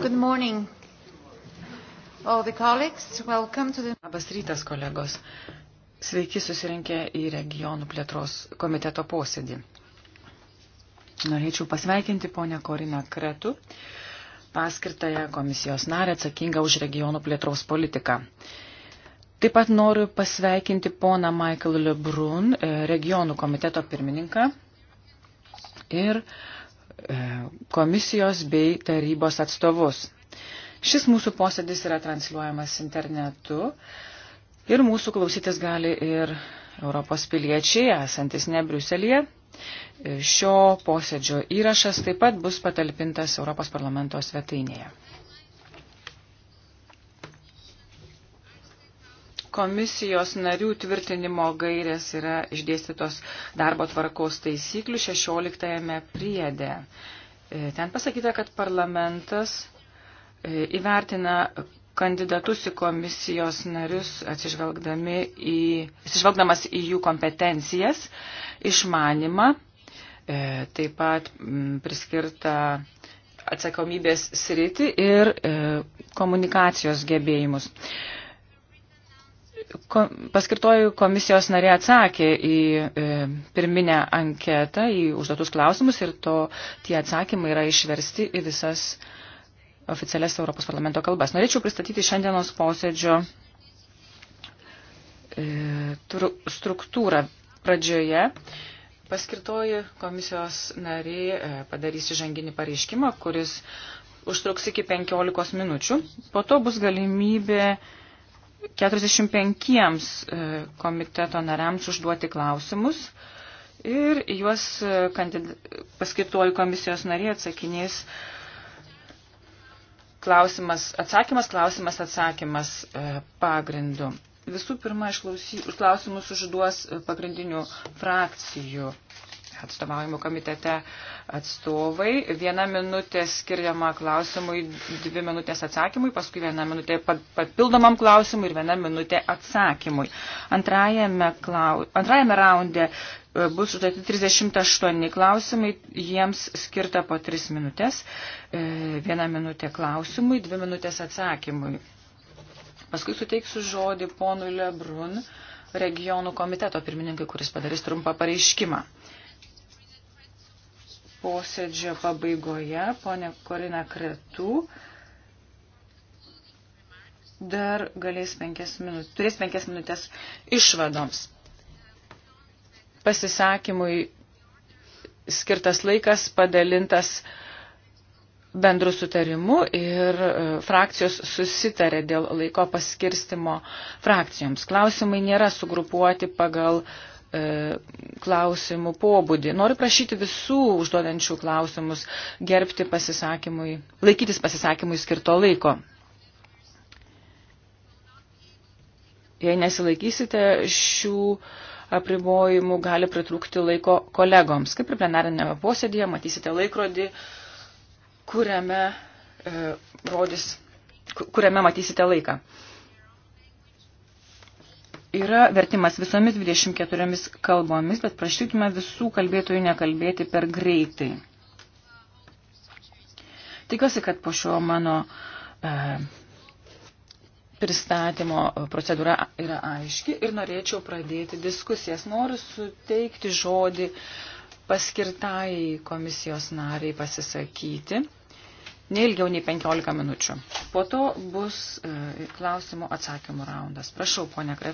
Good morning. All the colleagues, welcome to the... Labas rytas, kolegos. Sveiki susirinkę į regionų plėtros komiteto posėdį. Norėčiau pasveikinti ponę Koriną Kretų, paskirtąją komisijos narę atsakingą už regionų plėtros politiką. Taip pat noriu pasveikinti poną Michael Lebrun, e, regionų komiteto pirmininką ir E, komisijos bei tarybos atstovus. Šis mūsų posėdis yra transliuojamas internetu ir mūsų klausytis gali ir Europos piliečiai, esantis ne Briuselėje. E, šio posėdžio įrašas taip pat bus patalpintas Europos parlamento svetainėje. Komisijos narių tvirtinimo gairės yra išdėstytos darbo tvarkos taisyklių 16 priedė. E, ten pasakyta, kad parlamentas e, įvertina kandidatus į komisijos narius į, atsižvelgdamas į jų kompetencijas, išmanimą, e, taip pat priskirta atsakomybės sritį ir komunikacijos gebėjimus. Paskirtoji komisijos narė atsakė į e, pirminę anketą, į užduotus klausimus ir to tie atsakymai yra išversti į visas oficialias Europos parlamento kalbas. Norėčiau pristatyti šiandienos posėdžio e, struktūrą pradžioje. Paskirtoji komisijos narė e, padarys įžanginį pareiškimą, kuris užtruks iki 15 minučių. Po to bus galimybė 45 e, komiteto nariams užduoti klausimus ir juos e, paskirtuoju komisijos narė atsakinės klausimas, atsakymas, klausimas, atsakymas e, pagrindu. Visų pirma, klausimus užduos pagrindinių frakcijų atstovaujimo komitete atstovai. Viena minutė skiriama klausimui, dvi minutės atsakymui, paskui viena minutė papildomam klausimui ir viena minutė atsakymui. Antrajame, klau... Antrajame raunde e, bus užduoti 38 klausimai, jiems skirta po 3 minutės, e, viena minutė klausimui, dvi minutės atsakymui. Paskui suteiksiu žodį ponui Lebrun regionų komiteto pirmininkai, kuris padarys trumpą pareiškimą posėdžio pabaigoje, ponė Korina Kretų, dar galės penkias minutės, turės penkias minutės išvadoms. Pasisakymui skirtas laikas padalintas bendrų sutarimų ir e, frakcijos susitarė dėl laiko paskirstimo frakcijoms. Klausimai nėra sugrupuoti pagal uh, E, klausimų pobūdį. Noriu prašyti visų užduodančių klausimus gerbti pasisakymui, laikytis pasisakymui skirto laiko. Jei nesilaikysite šių apribojimų, gali pritrūkti laiko kolegoms. Kaip ir plenarinėme posėdėje, matysite laikrodį, kuriame, e, rodys, kuriame matysite laiką. Yra vertimas visomis 24 kalbomis, bet prašykime visų kalbėtojų nekalbėti per greitai. Tikiuosi, kad po šio mano e, pristatymo procedūra yra aiški ir norėčiau pradėti diskusijas. Noriu suteikti žodį paskirtai komisijos nariai pasisakyti neilgiau nei 15 minučių. Po to bus e, klausimų atsakymų raundas. Prašau, ponia Kret.